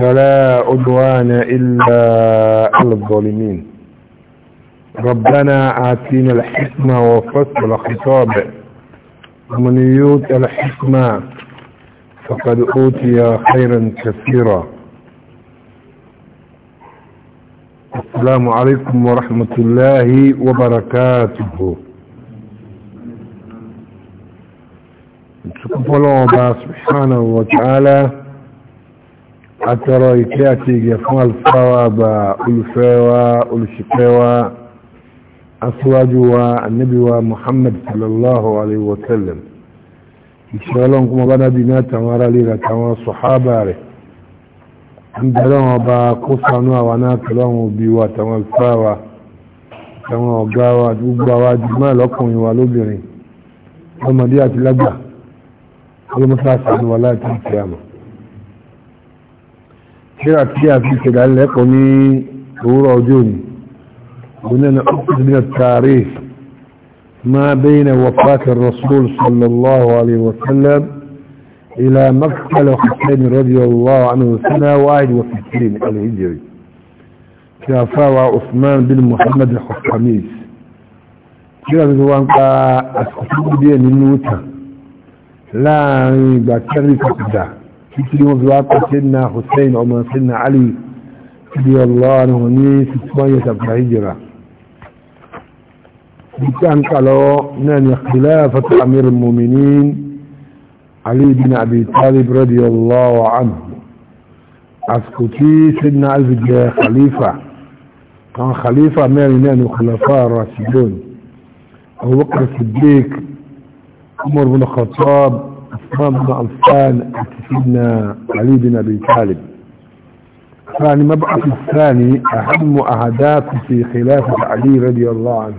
فلا عدوان إلا على الظالمين ربنا آتينا الحكمة وفصل الخطاب ومن يوت الحكمة فقد أوتي خيرا كثيرا السلام عليكم ورحمة الله وبركاته سبحانه وتعالى àtọrọ ìkẹ́ àti ìgẹ̀ fún alfáwà àgbà olùfẹ́wà olùṣìkẹ́wà aṣíwájú wa annabiwa muhammad sallallahu alaihi wasallam ìṣẹ́lọ́n kuma bá nábi náà tàwọn ará lè ràtàwọn sọ̀hábà rẹ̀ ń bẹ̀rẹ̀ wọn bá kó sanú àwọn náà tẹ̀lé wọn bí wa tàwọn alfáwà tàwọn ọ̀gá wa gbogbo àwa jùmọ́ ẹ̀lọ́kùnrin wa lóbìnrin ọmọdé àti lágbà ọlọ́mọsáàsì ni wà láti ìkẹ́ àmọ́ kíra tí a fi ṣe dánilẹ́kọ̀ọ́ ní òwúrọ̀ ọjọ́ òní onínà ọkùnrin tààrí ma bẹ́yìnà wàfàtà rasul sallallahu alaihi wasallam ila makala hussein radiyallahu anhu sana wahid wa fitrin alhijiri tí a fáwa usman bin muhammad al-khamis kíra tí wọ́n pa àsìkò díẹ̀ nínú ta láàrin ìgbà kọkùdá títí wọn fi wá kọ́ sínà hussein ọmọ sínà ali bí ọlọ́run wọn ní sísúmọ́yẹ sàbàrà hijira bíkí à ń kà lọ́wọ́ náà ni khilafatu amir muminin ali bin abi talib radiyallahu anhu àsìkò tí sínà alfi jẹ khalifa kan khalifa mẹ́rin náà ni khalafa rasidun abubakar siddiq umar bin khattab عثمان بن عفان سيدنا علي بن ابي طالب ثاني مبعث الثاني أهم أهداف في خلافة علي رضي الله عنه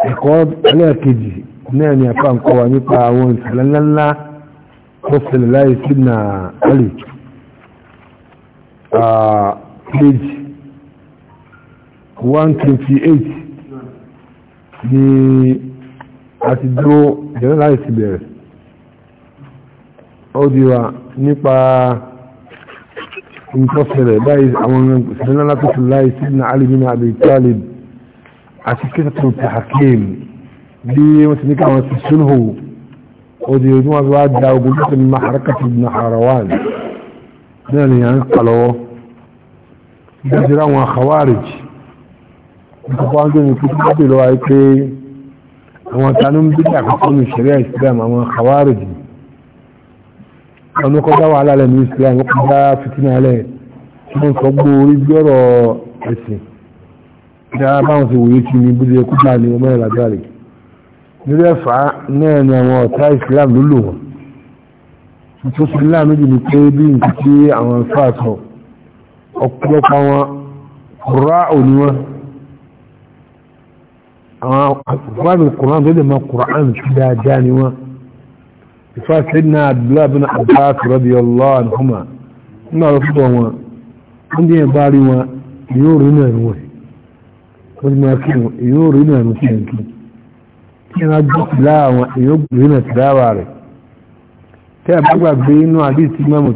اقواد على كجي نان يفهم قوانين تعاون لا لنا رسل الله سيدنا علي آه كجي 128 ni a ti dúró jẹ́ láìsí bẹ̀rẹ̀ ọdíwà nípa ìtọ́sẹ̀rẹ̀ báyìí àwọn ìṣẹ̀lẹ̀ látọ́sẹ̀ láì sí ní alìbínú àbí talib àti kíkàtún tàhàkìm bí wọ́n ti ní káwọn ti súnhù ọdí ojú wọn wá da ogun tó ní maharakatu na harawan náà ni à ń kalọ́wọ́ bí ti ráwọn khawarij nípa wọn tó ní kíkọ́ bá bèèrè wáyé àwọn tanú bí i àkọ́kọ́ ní ìṣẹ̀lẹ̀ ìsìlẹ̀ àwọn khawarij ni àwọn ọkọ̀ dá wàhálà lẹ́nu islam wọ́n kọ́ dá fitina lẹ̀ tí wọ́n sọ gbó orí bí ọ̀rọ̀ ẹ̀sìn dá báwọn ti wòye kí ni bóde ẹkú bá ní ọmọ ìlàjọ rẹ̀ nílẹ̀ fà á náà ni àwọn ọ̀tá islam ló lò wọ́n tó fi láàánú jù ní pé bí nǹkan tí àwọn fà sọ ọ̀pọ̀lọpọ̀ àwọn kùrá òní wọn àwọn kùrá mi kùrá tó lè mọ kùrá mi dáadáa ni wọn ìfà sẹ́dínà àdúlá bí náà Abbas radiyallahu anhuma nínú àlọ́sọ́tọ̀ wọn wọ́n díẹ̀ bá rí wọn yóò rí náà nù wẹ̀ wọ́n ti máa kí wọn yóò rí náà nù sí ẹ̀kí kí wọ́n gbé sílá àwọn yóò rí náà sílá wà rẹ̀ tẹ́ ẹ̀ bá gbàgbé inú àdéhì tí mọ́mọ́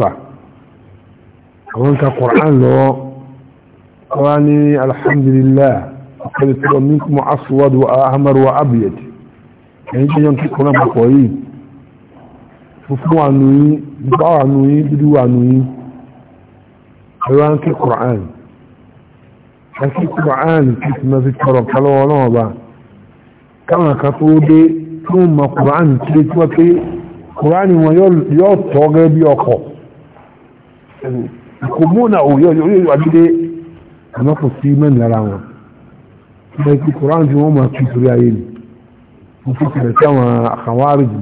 wa àwọn ka Qur'an lọ wá ní alhamdulillah ọ̀pẹ̀lẹ̀ tó ní kúmọ̀ aswad wa ahmar wa abiyat ẹ̀yìn tó yàn kíkọ́ náà pọ̀ yìí fúnfún wà nù yí bá wà nù yí dúdú wà nù yí ẹ̀rọ ń kí Qur'an ẹ̀ kí Qur'an kí ti mọ́ sí tọrọ kálọ́wọ́ náà bá káwọn kan tó dé tó mọ Qur'an kí lè tí wọ́n pé Qur'an wọn yóò tọ́ gẹ́gẹ́ bí ọkọ̀ kò múnà òye òye àdúdé àmọ́ kò sí mẹ́rin lára wọn ṣe kí koran tí wọ́n máa tún sórí ayé ni wọ́n fi tẹ̀lẹ̀ sí àwọn àkàwárí jù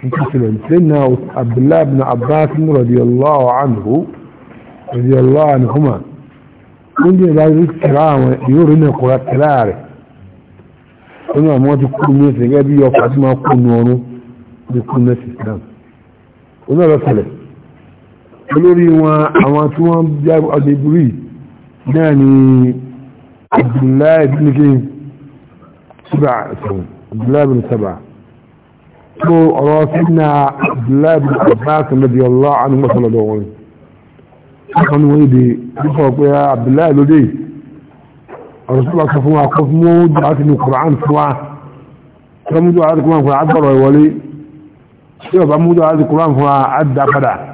wọ́n fi tẹ̀lẹ̀ sí na abdullahi bin abbas radiyallahu anhu radiyallahu anhuma wọ́n jẹ́ ìbá rí tẹ̀lá àwọn yóò rí náà kọ́ra tẹ̀lá rẹ̀ wọ́n náà wọ́n ti kúrú ní gẹ́gẹ́ bí ọkọ̀ àti máa kú nu ọrún ní kúrú ní ẹsẹ̀ islam wọ́n náà lọ tẹ̀lẹ̀ olórí wọn àwọn tí wọ́n já ọdẹ ìbúrí náà ni abdullahi bíníkì sábà sọ̀rọ̀ abdullahi bin sábà tó ọ̀rọ̀ sínú abdullahi bin abbas radiyallahu anhu mọ́sálọ́dọ̀ wọn wọ́n wọ́n èdè nípa pé ah, abdullahi lóde ọ̀rọ̀ sọ́lá sọ fún wa kọ́ fún wọn dùn láti ní kùrán fún wa tí wọ́n mú dùn láti kùrán fún wa ìwọlé tí ọba mú dùn láti kùrán fún wa padà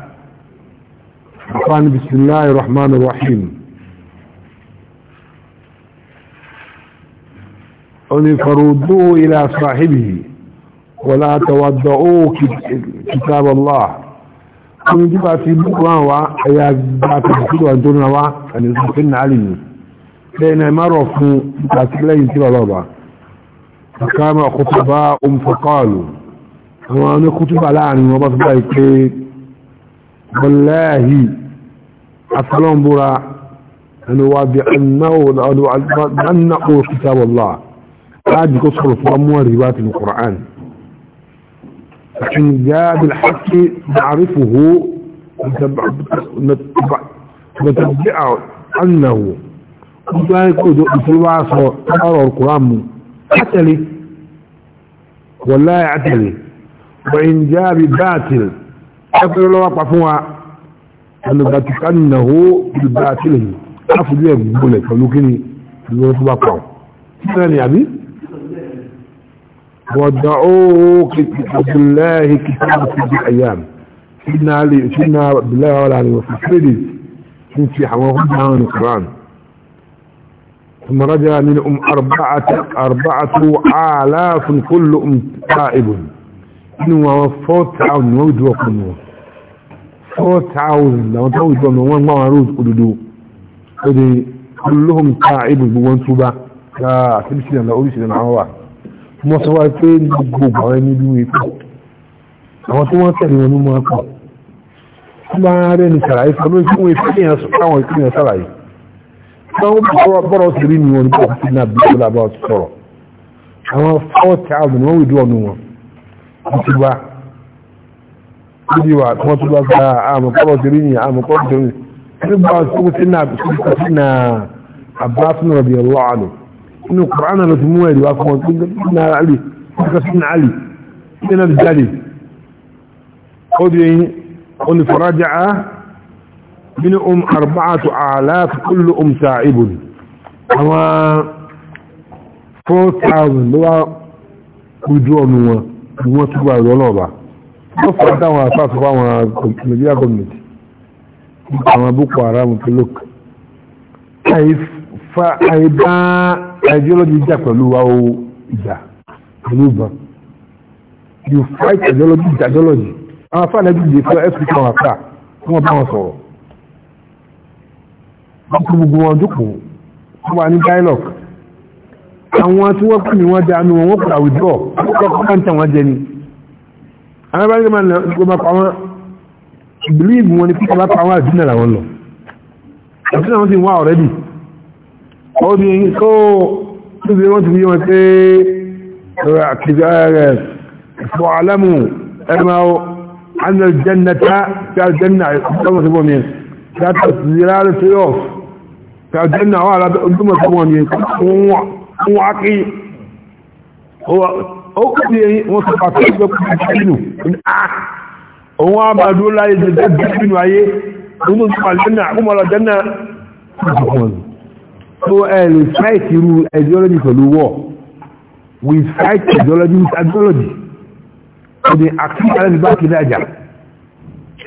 قال بسم الله الرحمن الرحيم أني فردوه إلى صاحبه ولا تودعوا كتاب الله أني جبعتي بقوان وعيا جبعتي بقوة أنتون وعا أني صحفين علي لأن ما رفوا جبعتي لا ينتبع بابا فقام خطباء فقالوا أما أني خطباء لعني وبصبعي كيك والله أصلهم برا أنه بأنه كتاب الله هذه قصر الفرموة رواية القرآن فإن جاء بالحق نعرفه نتبع أنه ذلك يتبع صور القرآن أتلي والله أتلي وإن جاء بباطل ẹgbẹ́ lọ́wọ́ pa fún wa alùbàtìkà nàwó ìgbà àtìlẹ̀ láfùdí ẹ̀gbọ́lẹ̀ pẹ̀lú kí ni lọ́wọ́ tó bá pa sílẹ̀ ni àbí wọ̀dà óó ثم رجع منهم أربعة أربعة آلاف كل أم تائب إنه وفوت عن موت وقنوه four thousand làwọn tó wùdí ọmọ wọn gbọ́n rúùtù òdòdó ó di olóhùn ká ibùgbò wọn túbá ká àtìbísí ìlànà oríṣiríṣi àwọn wà wọ́n sọ wá pé gbogbo àwọn ẹni bí wọ́n pọ̀ àwọn tó wọ́n tẹ̀lé wọn ló máa pọ̀ wọ́n bá rẹ̀ ní sàlàyé sọ lórí fún ìpínlẹ̀ káwọn ìpínlẹ̀ sàlàyé táwọn bọ̀rọ̀ bọ̀rọ̀ sí rí ni wọn nípa sí náà bí wọ́n lábọ́ sọ̀rọ̀ àwọn four thousand wọ́n wùdí ọ̀nù wọn wọ́n ti wá níbi wà tí wọ́n tún bá gba àmọ̀kọ́rọ̀ tẹ̀lé ní àmọ̀kọ́rọ̀ tẹ̀lé nígbà tó kú sínú àbíkú sínú àbáfún rọ̀bì ọ̀rọ̀ àlọ́ inú kùránà ló ti mú ẹ̀rí wá fún ọdún sínú àlì kíkọ́ sínú àlì sínú àlì jáde ó di onífọ̀rájà á nínú um arba'atu alaf kullu um sa'ibun àwọn 4000 ló wá kújú ọ̀nù wọn ni wọ́n túbọ̀ àrọ̀ ọlọ́ọ̀bà wọ́n fà dáwọn àpapọ̀ àwọn nàìjíríà gọ́ọ̀mẹ̀tì àwọn boko haram tó lòk àìbá ideology jà pẹ̀lú wa o ìjà pẹ̀lú ìbọn you fight ideology ideology àwọn afá nàìjí dè fún ẹ́fíríkà àwọn afá tí wọ́n bá wọn sọ̀rọ̀ wọ́n kú gbogbo wọn jókòó wọ́n wà ní dialogue àwọn tí wọ́n kú ni wọ́n dánú wọn wọ́n kú àwùjọ wọ́n kọ́ kọ́ńtà wọn jẹ ni àwọn bá ní gbọmọ pa wọn believe wọn ni pé ọba pa wọn àdínà làwọn lọ àdínà wọn ti wá already ó ní kó níbi wọn ti fi wọn pé eh, eh, eh, fọ alámù ẹgbẹ́ أن الجنة كالجنة كما تبوني لا تزرار سيوف كالجنة وعلى أنتم تبوني هو هو عقي هو ó kéde wọn sọ pàtó ìgbẹ́ kó ti bínú òun á máa dúró láyé jẹ jẹ bínú ayé òun tó sọ àlẹ́nà àkómọ lọ jẹ́ náà so ẹ lè fight irú ideology pẹ̀lú war we fight ideology with ideology ó di àkíkà lẹ́nu bá kéde àjà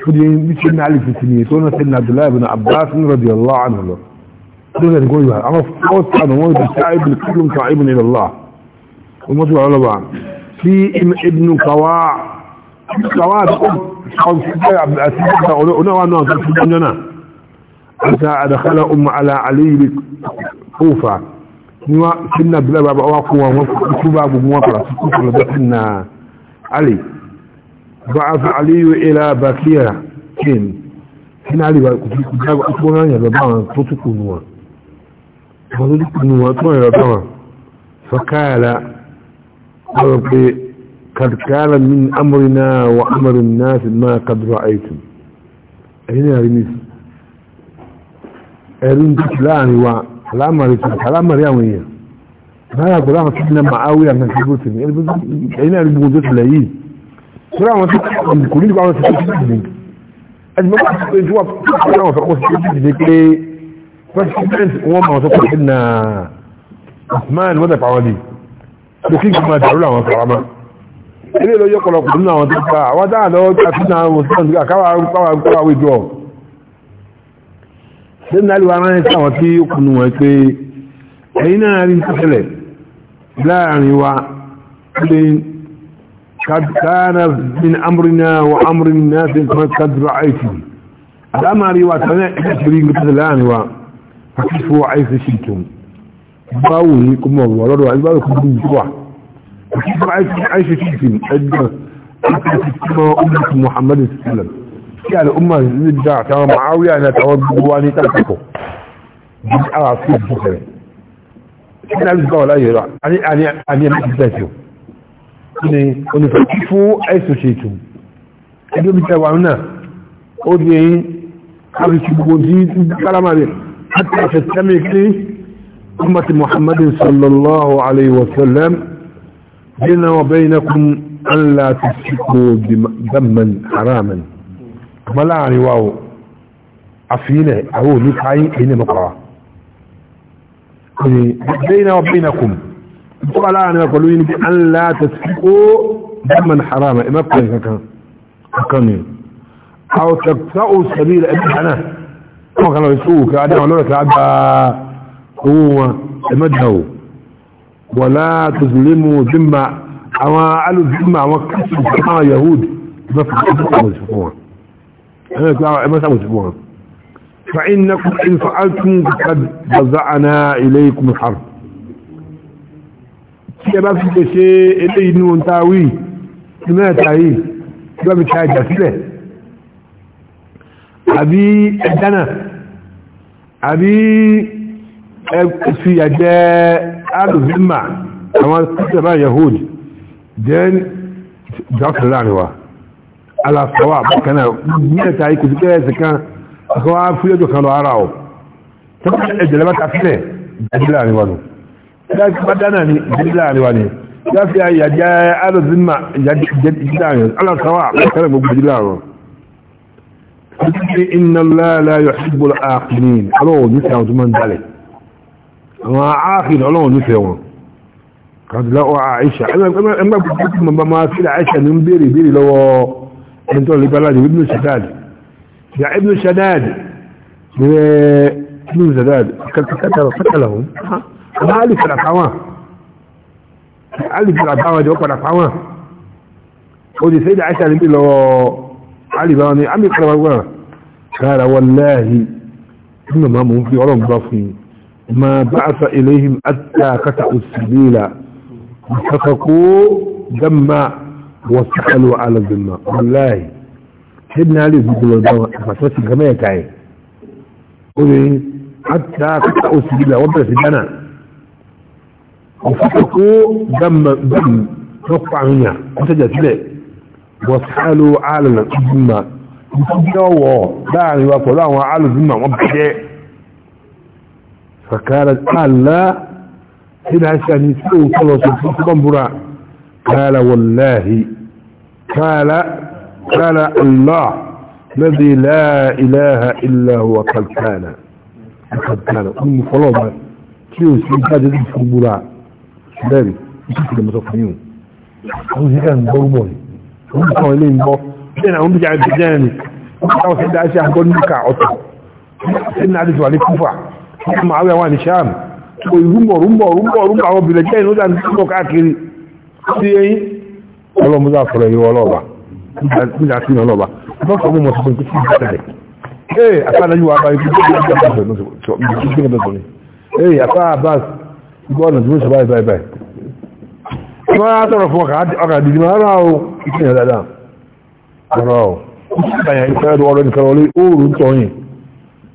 ó di ní ṣe ní alẹ́ tuntun yìí tó náà sẹ́ni Abdullahi bin Abbas radiyallahu anhu lọ. Dókè ní kò yọ àwọn fọ́ọ̀tà ni wọ́n ti ومضي على بعض في ابن قواع قواع عبد العزيز قالوا انا في الجنة حتى دخل أم على علي بكوفة نوا سنة بلا بابا واقوا وكوبا بموقرة كوفة علي بعث علي إلى باكيرة كين كين علي بكوفة أكبرنا يا بابا تطلقوا نوا فقال ورقي قد كان من أمرنا وأمر الناس ما قد رأيتم أين أرميس أرين تتلاني وعلامة رسالة علامة رياوية ما يقول أنا سيدنا معاوية من حبوتني أين أرموزة لأيه ترى ما تتلاني كلين بعض تتلاني أجمع جواب تتلاني فرقوة تتلاني فاسكتاني وما وصفت حنا عثمان ودفع وليه kò kí kí máa dàrú làwọn farama ilé ìlú yọkọlọpọ nínú àwọn tó ń pa àwọn dáhà lọ àti náà wọn tó ń gbà káwà káwà káwà wí jọ ṣé náà lùwà ránṣẹ́ sáwọn tí ó kùnú wọn pé ẹ̀yin náà rí sísẹlẹ láàrin wa pé àìsí àlámàrí báwo ni kó mọ̀ wọ́n lọ́dọ̀ àti báwo kó gbóyìn tó wà kí bá aisha kí fi ẹgbẹ́ aisha kí mọ́ ummatu muhammadu sallam kí àlẹ́ umma zai da àtàwọn ma'áwíyà ní àtàwọn gbogbo ní tàbíkọ̀ bí ara sí ìbú sẹ̀rẹ̀ kí náà bá wà láyé rà àní ẹ̀mí ti tẹ̀sí ní onífẹ́ fún aisha ṣe tù ẹgbẹ́ mi tẹ̀wà náà ó di ẹyin káfíńsì gbogbo tí kálámà rẹ̀ àti àfẹ́sẹ́mì kí أمة محمد صلى الله عليه وسلم بيننا وبينكم أن لا تسكوا دما حراما ما لا يعني واو عفينة أهو نتعي إن مقرأ يعني بيننا وبينكم ما لا يعني يقولون أن لا تسكوا دما حراما ما قلت كان يعني. أو تقطعوا سبيل أبي حنا كما كانوا يسوك أدعوا لك أبا هو مدهو ولا تظلموا ذمة أما قالوا ذمة وكسوا كما يهود ما ما تفعلوا فإنكم إن فعلتم قد جزعنا إليكم الحرب كي بس كشي إلي نون تاوي كما تاوي كما بتاوي جسده أبي أدنى أبي fi àjẹ́ alùzímà àwọn kìtàbà yahood jẹ́ jọ́kìlá àríwá aláfọwà bákanáà mẹ́ta ikú sí kẹ́ẹ̀sì kan akọwà fúyẹ́jọ kan lọ ara ọ̀ tó kí ẹjẹ̀lẹ̀ bá tafílẹ̀ jẹ́lá àríwá nù dáadáa ní jẹ́lá àríwá ni ya fi àjẹ́ alùzímà jẹ́lá àríwá aláfọwà bákanáà gbogbo jẹ́lá àríwá إن الله لا يحب الآخرين الله يسعى من ذلك àwọn ààfin ọlọ́run nífẹ̀ẹ́ wọn kàdùlá ọ àìṣà ẹgbẹ́ gbogbo mọ̀bá máa fi àìṣà ní ń béèrè béèrè lọ́wọ́ ẹni tó lè bá láti ibn sadad ya ibn sadad rẹ̀ ibn sadad kàtàlà wọn àmà alìfẹ̀rẹ̀ káwọn alìfẹ̀rẹ̀ káwọn jọ padà káwọn ó di sẹ́dà àìṣà ní béèrè lọ́wọ́ alìfẹ̀rẹ̀ wọn ni ما بعث إليهم أتى قطعوا السبيل وحققوا دما وسحلوا على الذمة والله سيدنا علي بن ابي طالب فتوسي كما يتعي قولي حتى قطعوا السبيل وبرس الجنة وفتقوا دم دم رفع هنا وسجد له وسحلوا على الذمة وتجاووا دعني وقلوا على الذمة وبرس فقالت قال لا إذا عشان يسوي كله سبحانه برا قال والله قال قال الله الذي لا إله إلا هو قد كان قد كان أم فلوما كيو سيداد يدفع برا داري يشوف لما تفنيون أو زيكان برموني هم قوانين بو لأن هم بجعل بجاني أو سيداد عشان قول مكا عطا سيدنا عدد عليك كفع Muawiya wà ní Sham tó rúmbọ̀ rúmbọ̀ rúmbọ̀ rúmbọ̀ àwọn obìnrin jẹ́ ìlú jáde tó káàkiri sí eyín ọlọ́mọdá fọ̀rọ̀ ìwọ ọlọ́ba nígbà sí ọlọ́ba lọ́sọ̀ mú mọ̀ tuntun kí sí ìgbà rẹ̀ ee afáàdá yìí wà bá ikú tó gbé ọjọ́ ìgbà tó gbé ọjọ́ ee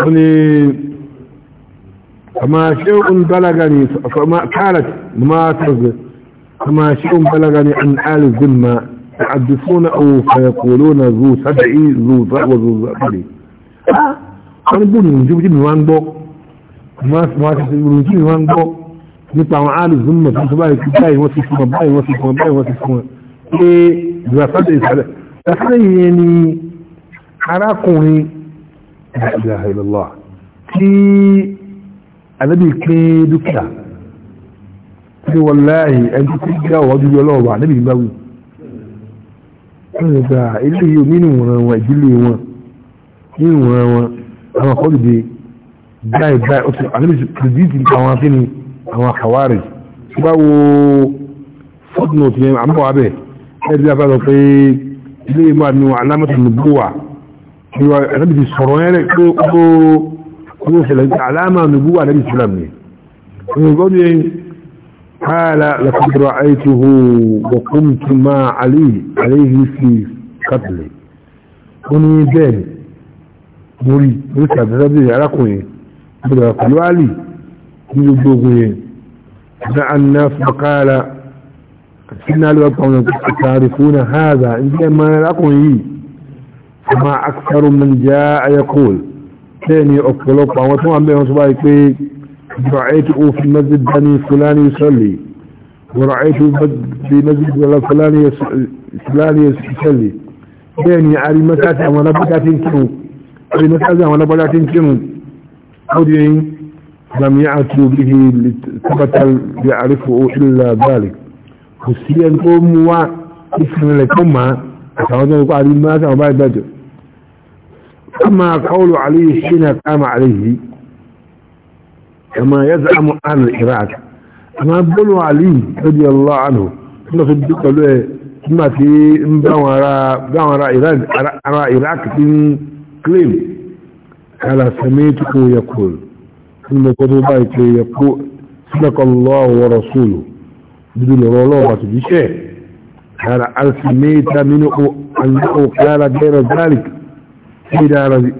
يعني فما شيء بلغني فما قالت ما ترد فما شيء بلغني عن آل الذمة يحدثون أو فيقولون ذو سبعي ذو ضع وذو ضعبري wọ́n gbọ́n ní ìjọba jìbì wọn gbọ́ máa ṣe ìròyìn jìbì wọn gbọ́ nípa àwọn alùsùnmọ̀ tó báyìí tí báyìí wọ́n ti fún wọn báyìí wọ́n ti fún wọn báyìí wọ́n ti fún wọn pé ìgbàsádẹ̀ ìsàlẹ̀ ìsàlẹ̀ yìí ni arákùnrin ilaha illallah kí anábì pín dúkìá tí wọ́n láàyè ẹni tó kí gbá ọ̀wọ́ dúdú ọlọ́ọ̀wà anábì gbá wù nígbà ilé yìí nínú ìwọ̀n wọn ìdílé wọn nínú ìwọ̀n wọn àwọn akọ́ dìde báyìí báyìí ó ti anábì pìrìdìtì àwọn akíni àwọn àkàwárì tí bá wo fọ́tùnù ti yẹn àmọ́ wà bẹ́ẹ̀ ẹ̀ẹ́dì bá bá lọ pé ilé yìí máa nu alámọ̀tò nìbúwà هو ربي سروان كو علامة نبوة ربي سلام ويقول لي قال لقد رأيته وقمت ما عليه عليه في قتلي كوني دين مري ويسا تسابي على كوني بدأ قلوا علي كوني دوقوني دعا الناس وقال سنالي وقال تعرفون هذا انت ما لا كوني ما أكثر من جاء يقول ثاني أكلوك وطمع بهم سبايك رأيته في مسجد بني فلان يصلي ورأيته في مسجد فلان فلان يصلي ثاني أري مساتي وانا بكاتين كنو أري مساتي وانا بكاتين كنو أودين لم يأتوا به ثبت يعرفه إلا ذلك kò sí اسم لكم mú wá ìsinmi lẹ̀kọ́ máa أما قول عليه حين قام عليه كما يزعم عن العراق أما بلو علي رضي الله عنه كما في الدكة له كما في مباورة عراق عراق كليم قال سميته يقول ثم قدوبائك يقول صدق الله ورسوله بدون رولوة بشيء قال ألسميت منه أنه قال غير ذلك إذا علي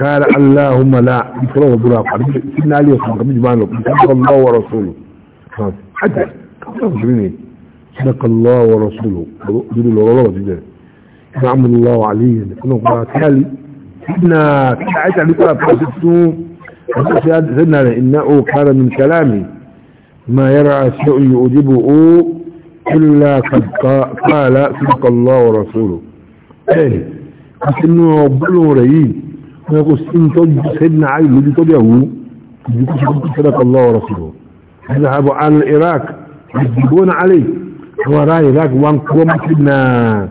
قال اللهم لا إكراه بلا قريب إن علي صلى الله عليه وسلم صدق الله ورسوله حتى صدق الله ورسوله جدوا الله الله جدا نعم الله عليه أنه قال سيدنا كعيت عليك إنه كان من كلامي ما يرى الشيء يؤجبه إلا قد قال صدق الله ورسوله إيه لكن ربنا ورئيه ويقول سنتج سيدنا عيد مجتب يهوه يقول صدق الله ورسوله هذا عبو عن العراق يجبون عليه وراء العراق وانكوما سيدنا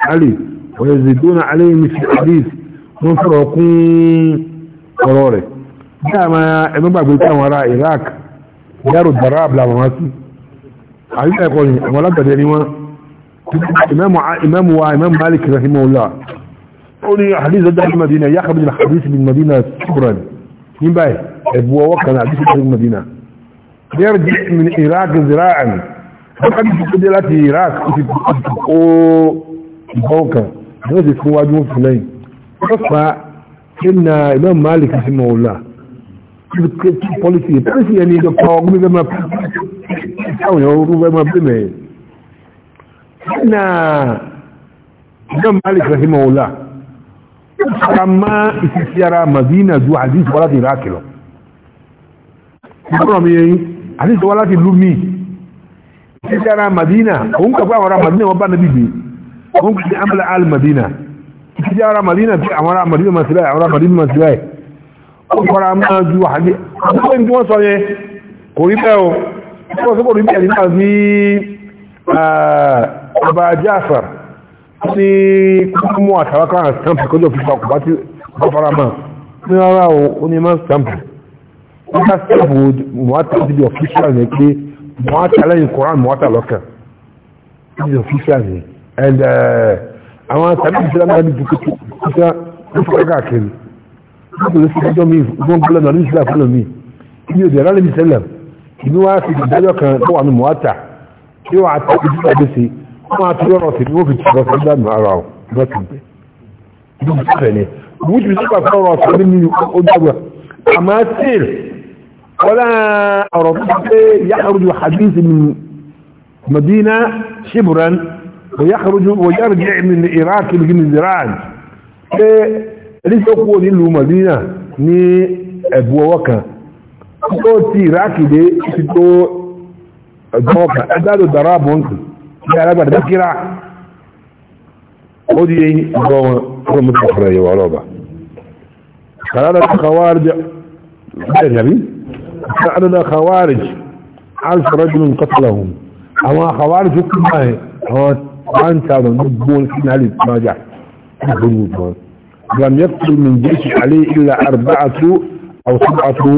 علي ويزيدون عليه مثل حديث ونفرقون قراره دعما إذن بقى قلتان وراء العراق يارو الدراب لا مماثل àyíká ẹ̀kọ́ ni àwọn alágbàdẹ ni wọ́n imamu wa imamu malik rahimahullah ó ní hadith zọ́dá ní madina ya kàbí ní hadith bin madina kubran ní báyìí ẹ̀bù ọwọ́ kan hadith bin madina bẹ́ẹ̀ jí min iraq zira'an wọ́n kàbí ti kúdé láti iraq ó ti kó ìbọn kan ní ó ti fún wájú wọn fún lẹ́yìn ó fa sínú imamu malik rahimahullah pọ́lísì pọ́lísì ẹni ìjọba ọgbọ́n káwọn èèyàn rú bẹ́ẹ̀ máa bí mẹ́ ẹ̀nà ìjọba malik rahimahullah ó fara má ìfisí ara madina ju àdìs wá láti iraq lọ ìgbọ́nà mi yẹn àdìs wá láti lú mi ìfisí ara madina òun kàgbọ́ àwọn ará madina wọn bá níbi gbé òun kàgbọ́ amala al madina ìfisí ara madina bí àwọn ará madina masílẹ̀ àwọn ará madina masílẹ̀ ó fara má ju àdìs wọ́n sọ yẹn kò rí bẹ́ẹ̀ o wọ́n sí kòrò ìbẹ̀rẹ̀ náà sí ọba jáfàr sí kúmọ̀ àtàwákà stamp kọjọ fífà kò bá ti gọfarama ní ara o ní ma stamp nígbà mọ́ta ti di official ní pé mọ́ta lẹ́yìn koran mọ́ta lọ́kàn ti official ní and àwọn tàbí ìṣẹ́lá náà ní dùkú inú wá sí ìdájọ́ kan tó wà ní mọ́ta tí wọ́n àti ìdíjú àti sí wọ́n àti lọ́rọ̀ sí ní wọ́n fi tìrọ sí ìdánù ara ọ̀ lọ́tìgbẹ́ ìlú ìfẹ́ ni wọ́n ti sọ́pà fún ọ̀rọ̀ sí nínú ojúgbà àmọ́ tíìr wọ́lá ọ̀rọ̀ tó pé yàrùjù hadith ní madina shibran ويخرجوا ويرجع من العراق من الزراج ايه ليس يقول nílùú madina ní ẹ̀bùwọ́wọ́ kan ó ti iraki dé ti tó ẹ̀gbọ́n ọ̀kan ẹgbẹ́lò dára bọ̀ ń sùn ní alágbàdà dákírá ó di yẹn gbọ́ wọn fún mi kọ̀ọ̀rọ̀ yẹwà ọlọ́ba kàlálà kàwárì bẹ́ẹ̀ gàbí kàlálà kàwárì alfa rajulun qatlahum àwọn kàwárì tó kú báyìí àwọn one thousand gbogbo sí náà lè tún ajá gbogbo wọn lam yaktul min jaysh alayhi illa arba'atu aw sab'atu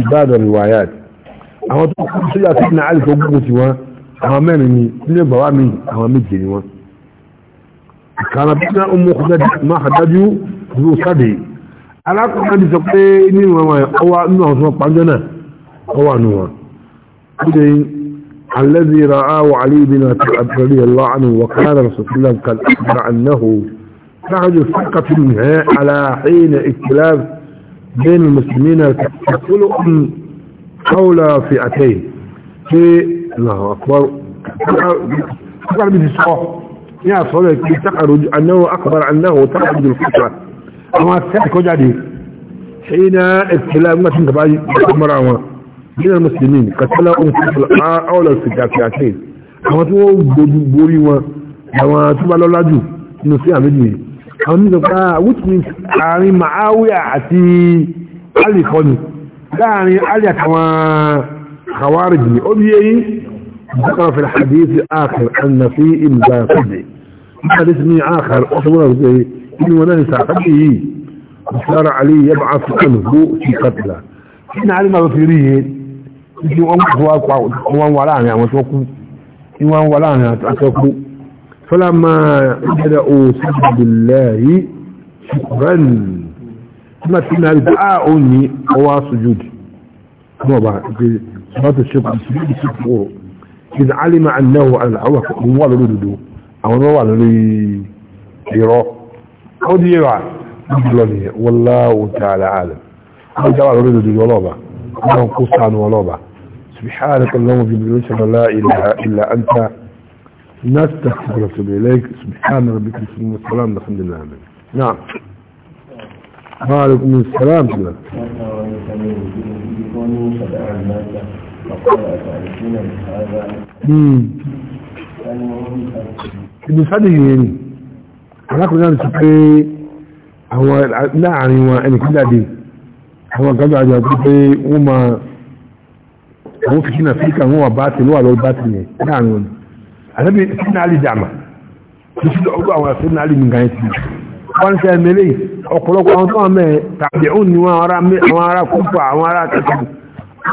بعض الروايات اما تقول سيلا سيدنا علي فوقه سوا اما مانني اني بوامي اما مجيني وان كان بيتنا ما حدديو ذو صدي على كل ما دي سوكي اني ماما اوا انو حسوا قانجنا الذي رآه علي بن رضي الله عنه وكان رسول الله قد أخبر أنه تحج الفقة في النهاية على حين اختلاف بين المسلمين تقولهم حول فئتين في الله أكبر تقر به الصحة يا صديق تقر أنه أكبر عنه أنه تخرج الفترة أما تحك وجعله حين اختلاف ما تنتبعي مرعوة من المسلمين قتلهم أولى الفتاتين أما تقول بوري وما تبع لولاجو نسيها مدني أما نقول which means حامي معاوية àti علي láàrin يعني علي ó bí أبيي ذكر في الحديث الآخر أن في الباقي حديث من آخر أصبر به إن ولن سعقبه بشار علي يبعث قلبه في قتله إن علم بصيريه إن أمك واقع وأن ولانا وتوقف إن يا أتوقف فلما بدأوا سجد الله شكرا ما تقولنا دعاء أمي هو سجود هو بقى صلاة الشكر سجود الشكر إذا علم أنه أن هو هو لدو أو هو لدو يرى أو دي يرى والله تعالى عالم أو جواب لدو ولا بقى أو قصة ولا بقى سبحانك اللهم وبحمدك لا إله إلا أنت نستغفرك إليك سبحان ربك بسم الله والسلام الحمد لله نعم وعليكم السلام كده ابن سعد يعني هناكل يعني سبحي هو لا يعني هو يعني كل دي هو قبع جابتي وما هو في هنا فيك هو باطل هو لو باطل يعني النبي سيدنا علي دعمه سيدنا عبد الله سيدنا علي من قايته wọ́n ṣe mẹ́lẹ̀ ọ̀pọ̀lọpọ̀ àwọn tó wọ́n mẹ́ tàbí òun ni wọ́n ará kúfà àwọn ará tẹ́kù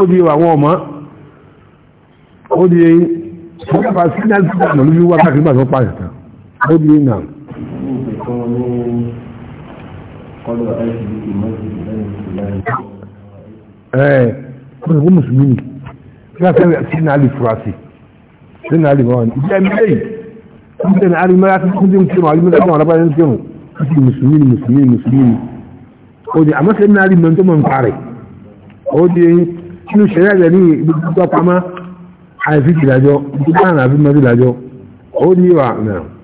ó di àwọn ọmọ ó di ọjọ́fà sínáà sínáà lórí wá káàkiri bá tó pàṣẹ tán ó di náà ẹ̀ ọ̀pọ̀lọpọ̀ mùsùlùmí ni sínáà kí mùsùlùmí ni mùsùlùmí ni mùsùlùmí ni ó di àmọ́ sẹ́ni náà rí mọ́ tó mọ̀ ń parẹ́ ó di inú ṣẹ̀yà rẹ̀ ní gbogbo pamọ́ àìsí ìdájọ́ gbogbo àrùn àfi ìdájọ́ ó ní wà náà.